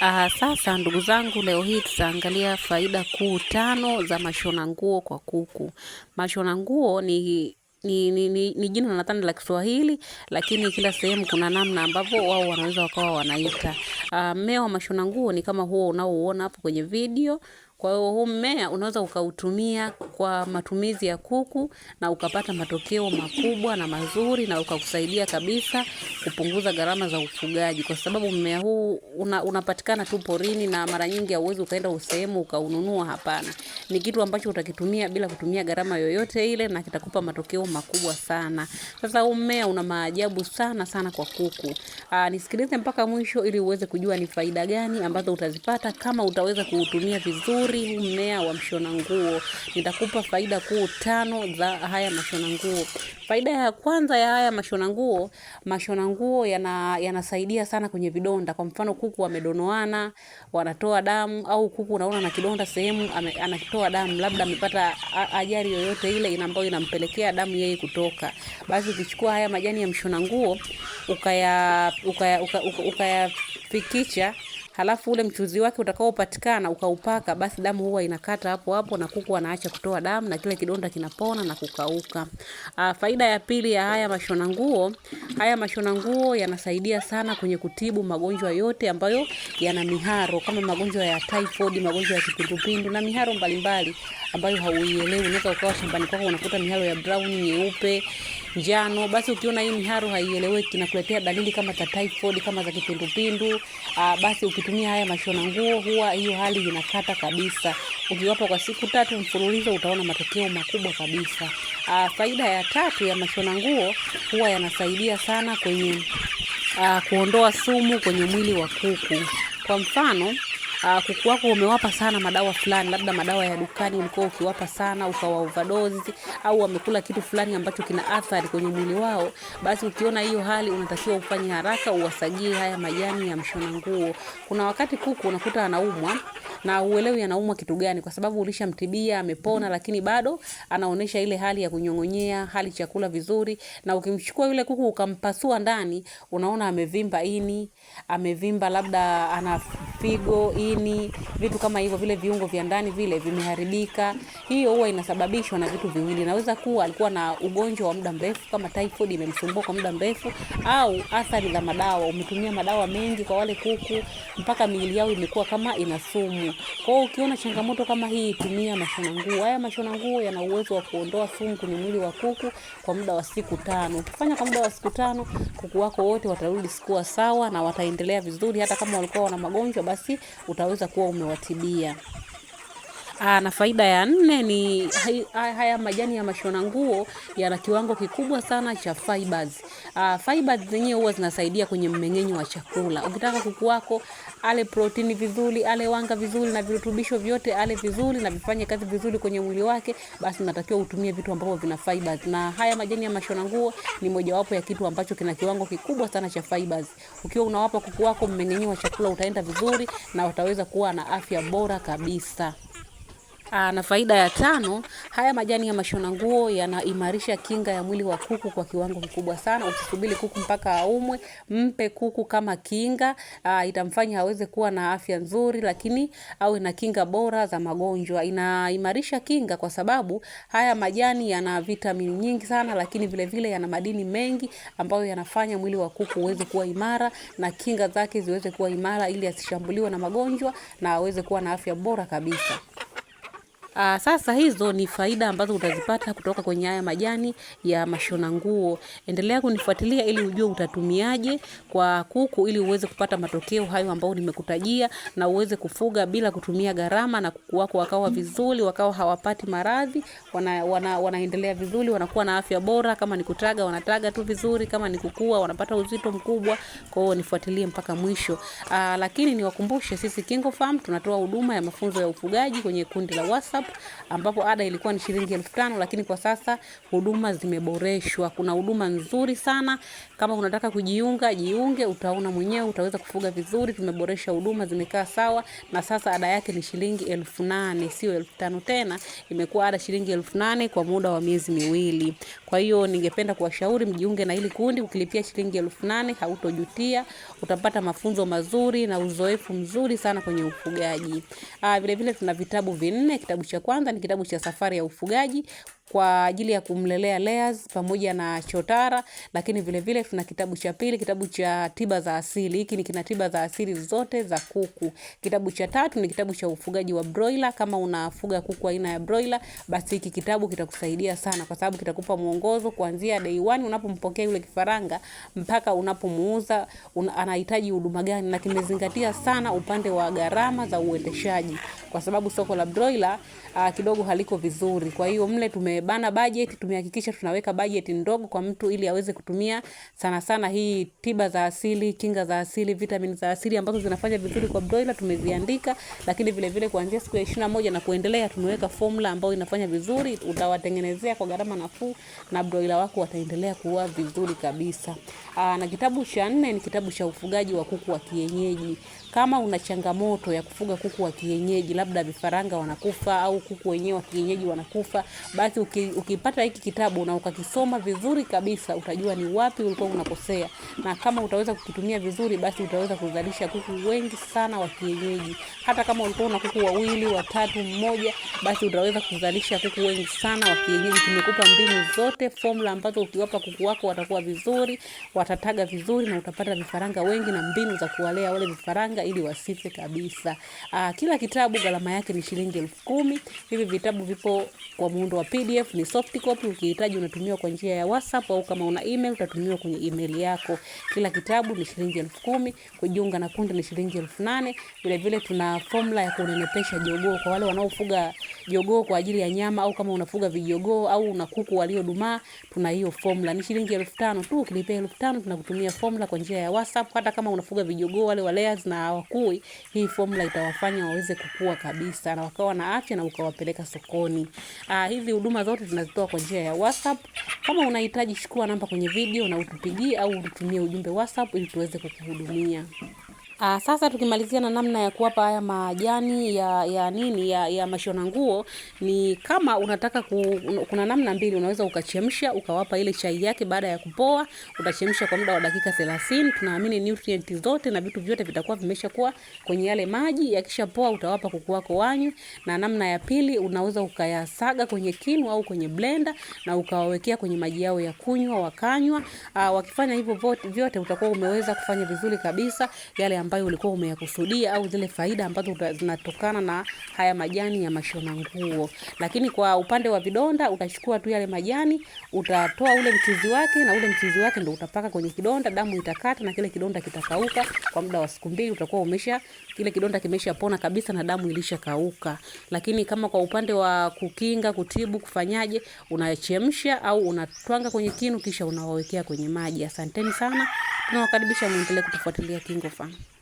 Uh, sasa ndugu zangu, leo hii tutaangalia faida kuu tano za mashona nguo kwa kuku. Mashona nguo ni ni, ni, ni, ni jina nadhani la Kiswahili, lakini kila sehemu kuna namna ambavyo wao wanaweza wakawa wanaita. Uh, mmea wa mashona nguo ni kama huo unaouona hapo kwenye video. Kwa hiyo huu mmea unaweza ukautumia kwa matumizi ya kuku na ukapata matokeo makubwa na mazuri na ukakusaidia kabisa kupunguza gharama za ufugaji, kwa sababu mmea huu una, unapatikana tu porini na mara nyingi hauwezi ukaenda sehemu ukaununua. Hapana, ni kitu ambacho utakitumia bila kutumia gharama yoyote ile na kitakupa matokeo makubwa sana. Sasa huu mmea una maajabu sana sana kwa kuku. Aa, nisikilize mpaka mwisho ili uweze kujua ni faida gani ambazo utazipata kama utaweza kuutumia vizuri vizuri huu mmea wa mshona nguo. Nitakupa faida kuu tano za haya mashona nguo. Faida ya kwanza ya haya mashona nguo, mashona nguo yana yanasaidia sana kwenye vidonda. Kwa mfano kuku wamedonoana, wanatoa damu au kuku unaona na kidonda sehemu anatoa damu, labda amepata ajali yoyote ile ambayo inampelekea damu yeye kutoka. Basi ukichukua haya majani ya mshona nguo ukaya ukaya ukaya, ukaya, ukaya fikicha halafu ule mchuzi wake utakaopatikana ukaupaka, basi damu huwa inakata hapo hapo na kuku anaacha kutoa damu na kile kidonda kinapona na kukauka. Aa, ah, faida ya pili ya haya mashona nguo, haya mashona nguo yanasaidia sana kwenye kutibu magonjwa yote ambayo yana miharo kama magonjwa ya typhoid, magonjwa ya kipindupindu na miharo mbalimbali ambayo hauielewi. Unaweza ukawa shambani kwako unakuta miharo ya brown, nyeupe njano. Basi ukiona hii miharu haieleweki na kuletea dalili kama za typhoid, kama za kipindupindu, ah, basi ukitumia haya mashona nguo, huwa hiyo hali inakata kabisa. Ukiwapa kwa siku tatu mfululizo, utaona matokeo makubwa kabisa. Ah, faida ya tatu ya mashona nguo huwa yanasaidia sana kwenye ah, kuondoa sumu kwenye mwili wa kuku. Kwa mfano uh, kuku wako umewapa sana madawa fulani, labda madawa ya dukani ulikuwa ukiwapa sana ukawa overdose, au wamekula kitu fulani ambacho kina athari kwenye mwili wao, basi ukiona hiyo hali, unatakiwa ufanye haraka uwasagie haya majani ya mshona nguo. Kuna wakati kuku unakuta anaumwa na uelewi anaumwa kitu gani, kwa sababu ulishamtibia amepona, lakini bado anaonesha ile hali ya kunyong'onyea, hali chakula vizuri. Na ukimchukua yule kuku ukampasua ndani, unaona amevimba ini, amevimba labda ana figo, ini, vitu kama hivyo, vile viungo vya ndani vile vimeharibika. Hiyo huwa inasababishwa na vitu viwili, naweza kuwa alikuwa na ugonjwa wa muda mrefu kama typhoid imemsumbua kwa muda mrefu, au athari za madawa. Umetumia madawa mengi kwa wale kuku mpaka miili yao imekuwa kama ina sumu. Kwa hiyo ukiona changamoto kama hii, tumia mashona nguo. Haya mashona nguo yana uwezo wa kuondoa sumu kwenye mwili wa kuku kwa muda wa siku tano. Ukifanya kwa muda wa siku tano, kuku wako wote watarudi sikuwa sawa na wataendelea vizuri. Hata kama walikuwa wana magonjwa, basi utaweza kuwa umewatibia. Aa, ah, na faida ya nne ni haya majani ya mashona nguo yana kiwango kikubwa sana cha fibers. Aa, ah, fibers zenyewe huwa zinasaidia kwenye mmeng'enyo wa chakula. Ukitaka kuku wako ale protini vizuri, ale wanga vizuri na virutubisho vyote ale vizuri na vifanye kazi vizuri kwenye mwili wake, basi natakiwa utumie vitu ambavyo vina fibers. Na haya majani ya mashona nguo ni mojawapo ya kitu ambacho kina kiwango kikubwa sana cha fibers. Ukiwa unawapa kuku wako, mmeng'enyo wa chakula utaenda vizuri na wataweza kuwa na afya bora kabisa. Ah, na faida ya tano, haya majani ya mashona nguo yanaimarisha kinga ya mwili wa kuku kwa kiwango kikubwa sana. Usisubiri kuku mpaka aumwe, mpe kuku kama kinga. Uh, itamfanya aweze kuwa na afya nzuri, lakini awe na kinga bora za magonjwa. Inaimarisha kinga kwa sababu haya majani yana vitamini nyingi sana, lakini vile vile yana madini mengi ambayo yanafanya mwili wa kuku uweze kuwa imara na kinga zake ziweze kuwa imara, ili asishambuliwe na magonjwa na aweze kuwa na afya bora kabisa. Uh, sasa hizo ni faida ambazo utazipata kutoka kwenye haya majani ya mashona nguo. Endelea kunifuatilia ili ujue utatumiaje kwa kuku ili uweze kupata matokeo hayo ambayo nimekutajia na uweze kufuga bila kutumia gharama na kuku wako wakawa vizuri, wakawa hawapati maradhi, wana, wana, wanaendelea vizuri, wanakuwa na afya bora. Kama ni kutaga wanataga tu vizuri, kama ni kukua wanapata uzito mkubwa. Kwa hiyo nifuatilie mpaka mwisho. Uh, lakini niwakumbushe sisi KingoFarm tunatoa huduma ya mafunzo ya ufugaji kwenye kundi la WhatsApp Group ambapo ada ilikuwa ni shilingi elfu tano lakini kwa sasa huduma zimeboreshwa. Kuna huduma nzuri sana. Kama unataka kujiunga, jiunge, utaona mwenyewe utaweza kufuga vizuri. Tumeboresha huduma, zimekaa sawa na sasa ada yake ni shilingi elfu nane sio elfu tano tena. Imekuwa ada shilingi elfu nane kwa muda wa miezi miwili. Kwa hiyo ningependa kuwashauri mjiunge na hili kundi. Ukilipia shilingi elfu nane hautojutia, utapata mafunzo mazuri na uzoefu mzuri sana kwenye ufugaji. Ah, vile vile tuna vitabu vinne, kitabu cha cha kwanza ni kitabu cha Safari ya Ufugaji kwa ajili ya kumlelea Layers pamoja na Chotara, lakini vile vile tuna kitabu cha pili, kitabu cha tiba za asili. Hiki ni kina tiba za asili zote za kuku. Kitabu cha tatu ni kitabu cha ufugaji wa broiler. Kama unafuga kuku aina ya broiler, basi hiki kitabu kitakusaidia sana, kwa sababu kitakupa mwongozo kuanzia day one unapompokea yule kifaranga mpaka unapomuuza una, anahitaji huduma gani, na kimezingatia sana upande wa gharama za uendeshaji, kwa sababu soko la broiler uh, kidogo haliko vizuri. Kwa hiyo mle tume tumebana budget, tumehakikisha tunaweka budget ndogo kwa mtu ili aweze kutumia sana sana hii tiba za asili, kinga za asili, vitamini za asili ambazo zinafanya vizuri kwa broiler tumeziandika, lakini vile vile kuanzia siku ya 21 na kuendelea tumeweka formula ambayo inafanya vizuri, utawatengenezea kwa gharama nafuu na broiler wako wataendelea kuwa vizuri kabisa. Aa, na kitabu cha nne ni kitabu cha ufugaji wa kuku wa kienyeji. Kama una changamoto ya kufuga kuku wa kienyeji, labda vifaranga wanakufa au kuku wenyewe wa kienyeji wanakufa, basi uki, ukipata hiki kitabu na ukakisoma vizuri kabisa, utajua ni wapi ulikuwa unakosea, na kama utaweza kukitumia vizuri, basi utaweza kuzalisha kuku wengi sana wa kienyeji. Hata kama ulikuwa una kuku wawili, watatu, mmoja, basi utaweza kuzalisha kuku wengi sana wa kienyeji. Tumekupa mbinu zote, formula ambazo ukiwapa kuku wako watakuwa vizuri, watataga vizuri, na utapata vifaranga wengi na mbinu za kuwalea wale vifaranga ili wasife kabisa. Aa, ah, kila kitabu gharama yake ni shilingi elfu kumi. Hivi vitabu vipo kwa muundo wa PDF PDF ni soft copy. Ukihitaji unatumiwa kwa njia ya WhatsApp au kama una email utatumiwa kwenye email yako. Kila kitabu ni shilingi elfu kumi. Kujiunga na kundi ni shilingi elfu nane. Vile vile tuna formula ya kunenepesha jogoo kwa wale wanaofuga jogoo kwa ajili ya nyama, au kama unafuga vijogoo au una kuku waliodumaa, tuna hiyo formula ni shilingi elfu tano tu. Ukilipia elfu tano tunakutumia formula kwa njia ya WhatsApp. Hata kama unafuga vijogoo wale wa layers na hawakui, hii formula itawafanya waweze kukua kabisa na wakawa na afya na ukawapeleka sokoni. Ah, hizi huduma zote tunazitoa kwa njia ya WhatsApp. Kama unahitaji, chukua namba kwenye video na utupigie au ututumie ujumbe WhatsApp ili tuweze kukuhudumia. Aa, ah, sasa tukimalizia na namna ya kuwapa haya majani ya ya nini ya, ya mashona nguo ni kama unataka ku, kuna namna mbili unaweza ukachemsha ukawapa ile chai yake baada ya kupoa, utachemsha kwa muda wa dakika 30. Tunaamini nutrient zote na vitu vyote vitakuwa vimeshakuwa kwenye yale maji, yakishapoa utawapa kuku wako wanywe. Na namna ya pili unaweza ukayasaga kwenye kinu au kwenye blender na ukawawekea kwenye maji yao ya kunywa wakanywa. Aa, ah, wakifanya hivyo vyote utakuwa umeweza kufanya vizuri kabisa yale ya ambayo ulikuwa umeyakusudia au zile faida ambazo zinatokana na haya majani ya mashona nguo. Lakini kwa upande wa vidonda utachukua tu yale majani, utatoa ule mchuzi wake na ule mchuzi wake ndio utapaka kwenye kidonda, damu itakata na kile kidonda kitakauka kwa muda wa siku mbili, utakuwa umesha kile kidonda kimeshapona kabisa na damu ilishakauka. Lakini kama kwa upande wa kukinga, kutibu, kufanyaje, unachemsha au unatwanga kwenye kinu kisha unawawekea kwenye maji. Asanteni sana. Tunawakaribisha muendelee kutufuatilia KingoFarm.